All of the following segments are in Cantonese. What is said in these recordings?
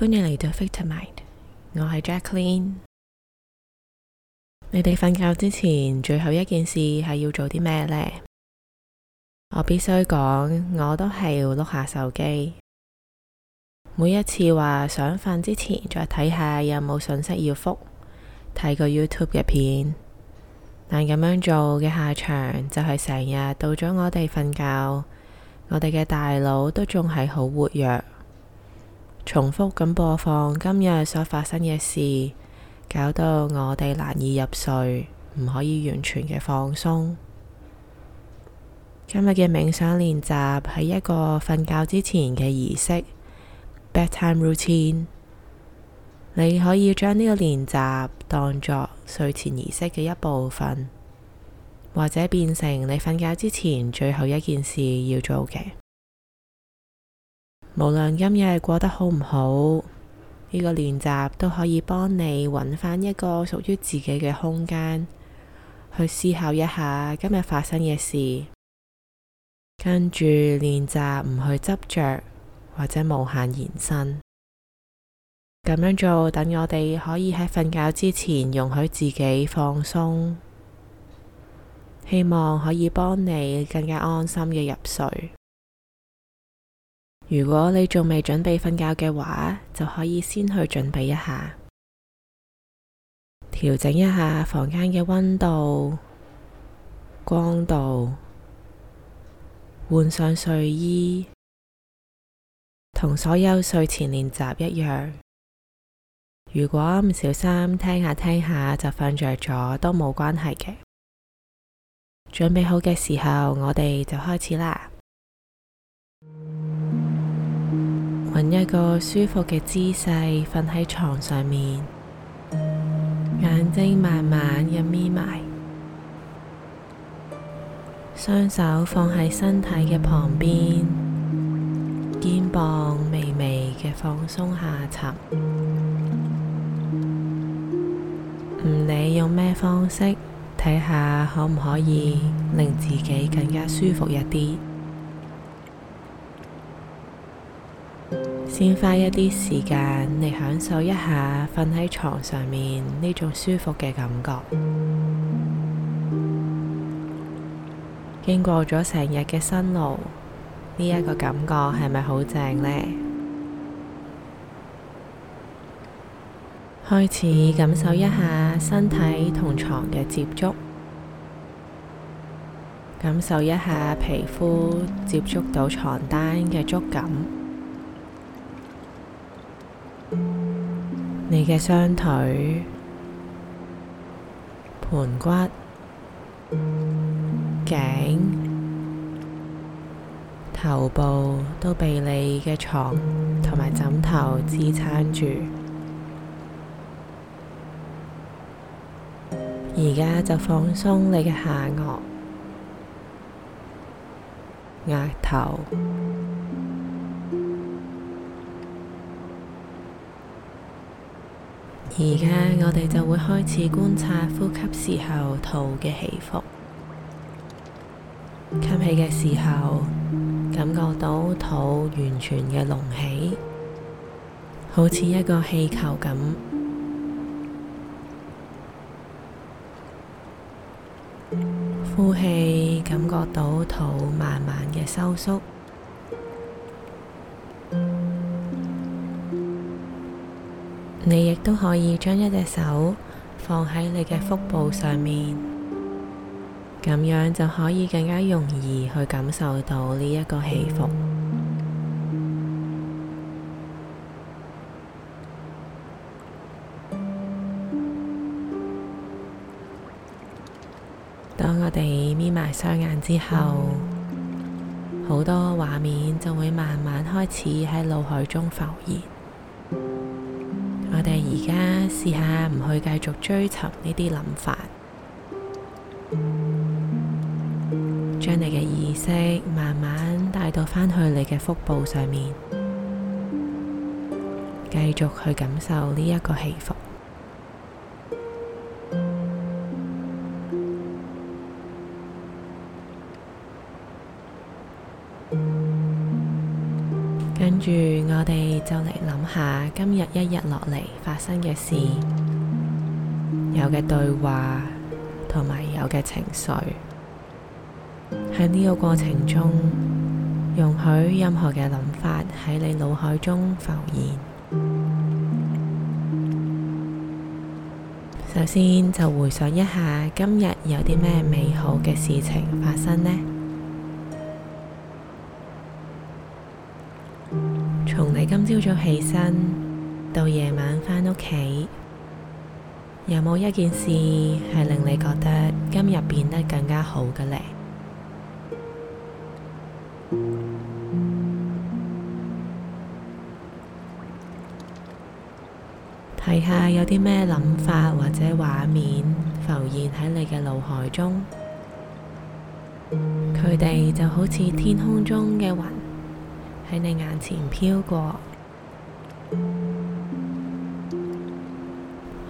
歡迎嚟到 Vitamind，我係 Jaclyn。你哋瞓覺之前最後一件事係要做啲咩呢？我必須講，我都係要碌下手機。每一次話想瞓之前，再睇下有冇信息要覆，睇個 YouTube 嘅片。但咁樣做嘅下場就係成日到咗我哋瞓覺，我哋嘅大腦都仲係好活躍。重複咁播放今日所發生嘅事，搞到我哋難以入睡，唔可以完全嘅放鬆。今日嘅冥想練習係一個瞓覺之前嘅儀式 （bedtime routine）。你可以將呢個練習當作睡前儀式嘅一部分，或者變成你瞓覺之前最後一件事要做嘅。無論今日係過得好唔好，呢個練習都可以幫你揾翻一個屬於自己嘅空間去思考一下今日發生嘅事，跟住練習唔去執着或者無限延伸，咁樣做等我哋可以喺瞓覺之前容許自己放鬆，希望可以幫你更加安心嘅入睡。如果你仲未準備瞓覺嘅話，就可以先去準備一下，調整一下房間嘅溫度、光度，換上睡衣，同所有睡前練習一樣。如果唔小心聽下聽下就瞓着咗都冇關係嘅。準備好嘅時候，我哋就開始啦。一個舒服嘅姿勢瞓喺床上面，眼睛慢慢咁眯埋，雙手放喺身體嘅旁邊，肩膀微微嘅放鬆下沉，唔理用咩方式，睇下可唔可以令自己更加舒服一啲。先花一啲時間嚟享受一下瞓喺床上面呢種舒服嘅感覺。經過咗成日嘅辛勞，呢一個感覺係咪好正呢？開始感受一下身體同床嘅接觸，感受一下皮膚接觸到床單嘅觸感。你嘅雙腿、盆骨、頸、頭部都被你嘅床同埋枕頭支撐住，而家就放鬆你嘅下顎、額頭。而家我哋就會開始觀察呼吸時候肚嘅起伏，吸氣嘅時候感覺到肚完全嘅隆起，好似一個氣球咁。呼氣感覺到肚慢慢嘅收縮。你亦都可以將一隻手放喺你嘅腹部上面，咁樣就可以更加容易去感受到呢一個起伏。嗯、當我哋眯埋雙眼之後，好、嗯、多畫面就會慢慢開始喺腦海中浮現。我哋而家試下唔去繼續追尋呢啲諗法，將你嘅意識慢慢帶到返去你嘅腹部上面，繼續去感受呢一個起伏。跟住，我哋就嚟諗下今日一日落嚟發生嘅事，有嘅對話同埋有嘅情緒。喺呢個過程中，容許任何嘅諗法喺你腦海中浮現。首先，就回想一下今日有啲咩美好嘅事情發生呢？今朝早起身到夜晚翻屋企，有冇一件事係令你覺得今日變得更加好嘅呢？睇下有啲咩諗法或者畫面浮現喺你嘅腦海中，佢哋就好似天空中嘅雲。喺你眼前飄過，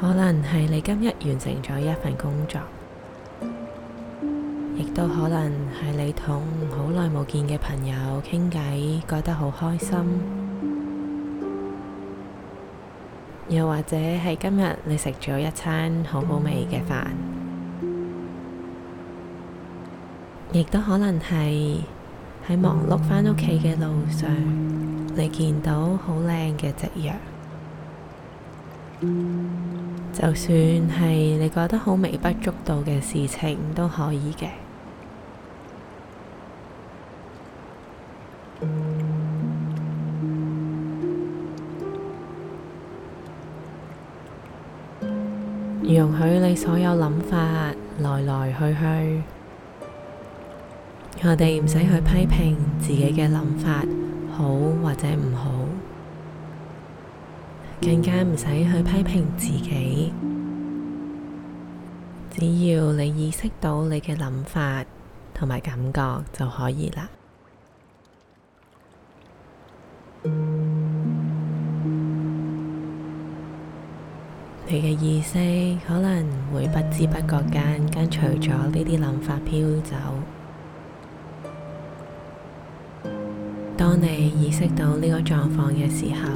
可能係你今日完成咗一份工作，亦都可能係你同好耐冇見嘅朋友傾偈，覺得好開心，又或者係今日你食咗一餐好好味嘅飯，亦都可能係喺忙碌返屋企嘅路上，你見到好靚嘅夕陽，就算係你覺得好微不足道嘅事情都可以嘅。容許你所有諗法來來去去。我哋唔使去批評自己嘅諗法好或者唔好，更加唔使去批評自己。只要你意識到你嘅諗法同埋感覺就可以啦。你嘅意識可能會不知不覺間跟隨咗呢啲諗法飄走。當你意識到呢個狀況嘅時候，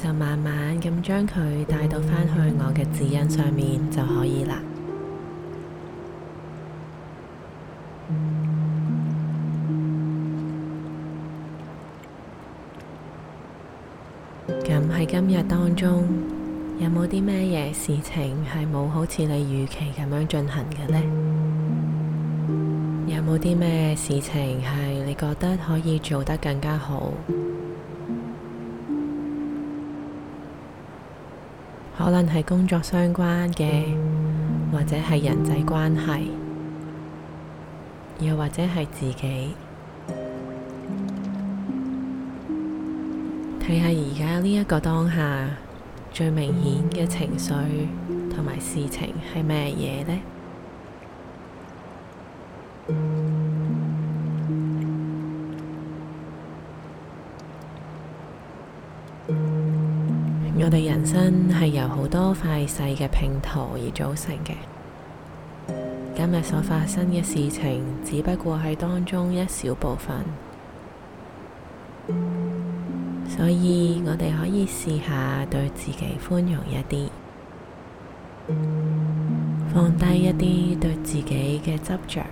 就慢慢咁將佢帶到返去我嘅指引上面就可以啦。咁喺今日當中，有冇啲咩嘢事情係冇好似你預期咁樣進行嘅呢？有冇啲咩事情係你覺得可以做得更加好，可能係工作相關嘅，或者係人際關係，又或者係自己，睇下而家呢一個當下最明顯嘅情緒同埋事情係咩嘢呢？我哋人生係由好多塊細嘅拼圖而組成嘅，今日所發生嘅事情只不過係當中一小部分，所以我哋可以試下對自己寬容一啲，放低一啲對自己嘅執着，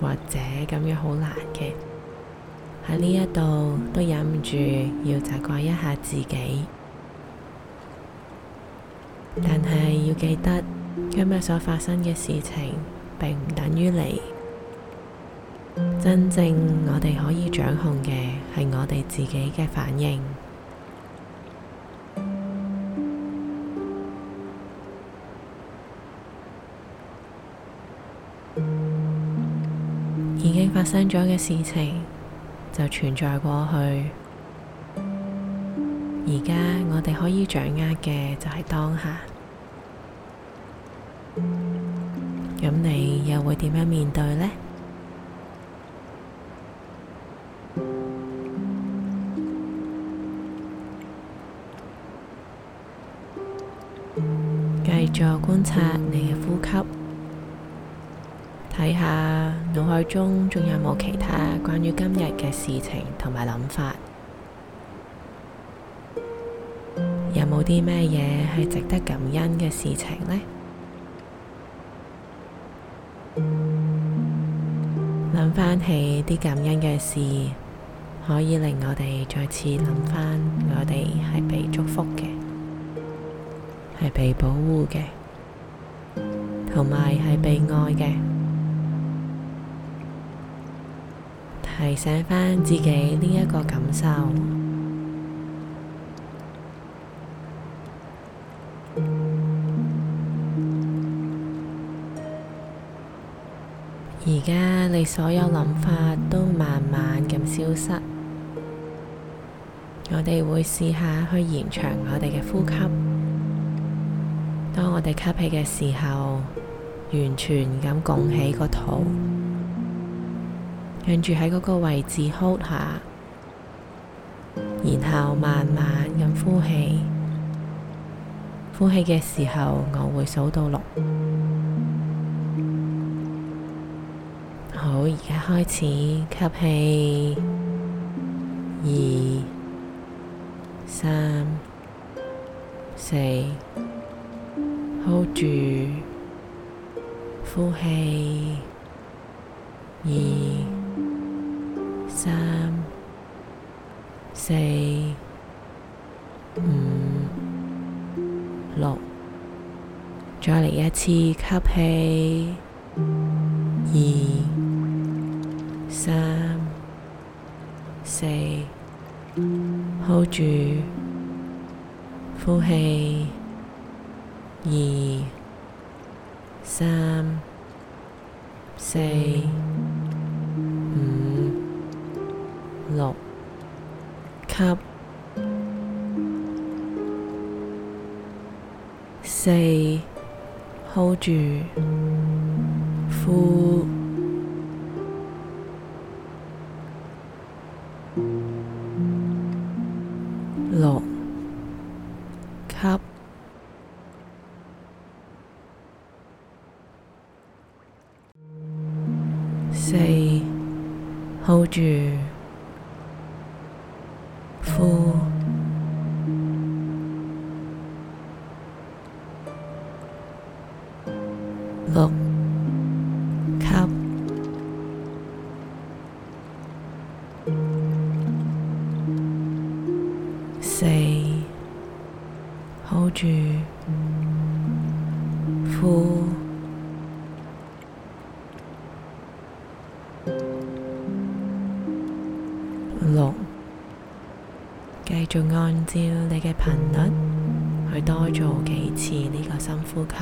或者咁樣好難嘅。喺呢一度都忍唔住要責怪一下自己，但係要記得今日所發生嘅事情並，並唔等於你。真正我哋可以掌控嘅係我哋自己嘅反應。已經發生咗嘅事情就存在過去，而家我哋可以掌握嘅就係當下。咁你又會點樣面對呢？繼續觀察你嘅呼吸，睇下。腦海中仲有冇其他關於今日嘅事情同埋諗法？有冇啲咩嘢係值得感恩嘅事情呢？諗翻起啲感恩嘅事，可以令我哋再次諗翻，我哋係被祝福嘅，係被保護嘅，同埋係被愛嘅。提醒翻自己呢一個感受。而家你所有諗法都慢慢咁消失。我哋會試下去延長我哋嘅呼吸。當我哋吸氣嘅時候，完全咁拱起個肚。讓住喺嗰個位置，hold 下，然後慢慢咁呼氣。呼氣嘅時候，我會數到六。好，而家開始吸氣，二、三、四，hold 住，呼氣，二。三、四、五、六，再嚟一次吸氣，二、三、四，Hold 住，呼氣，二、三、四、五。六吸四，hold 住。呼六吸四，hold 住。呼。六，吸，四，hold 住，呼，六。就按照你嘅頻率去多做幾次呢個深呼吸。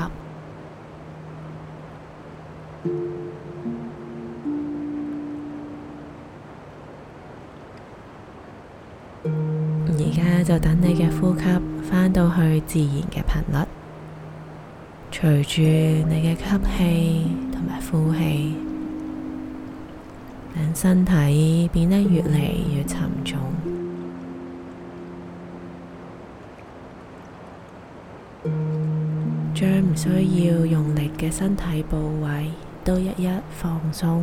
而家就等你嘅呼吸返到去自然嘅頻率，隨住你嘅吸氣同埋呼氣，等身體變得越嚟越沉重。將唔需要用力嘅身體部位都一一放鬆。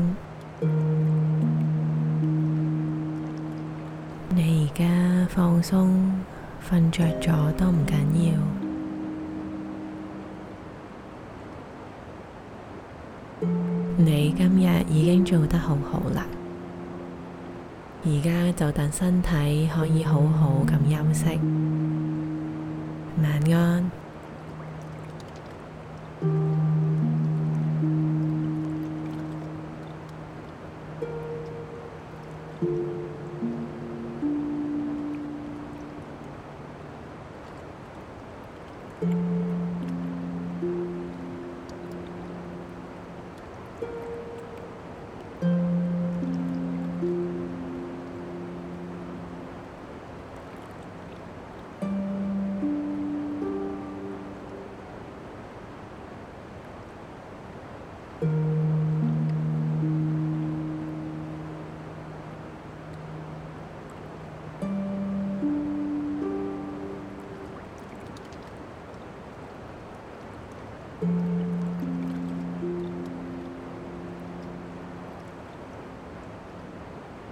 你而家放鬆瞓着咗都唔緊要。你今日已經做得好好啦，而家就等身體可以好好咁休息。晚安。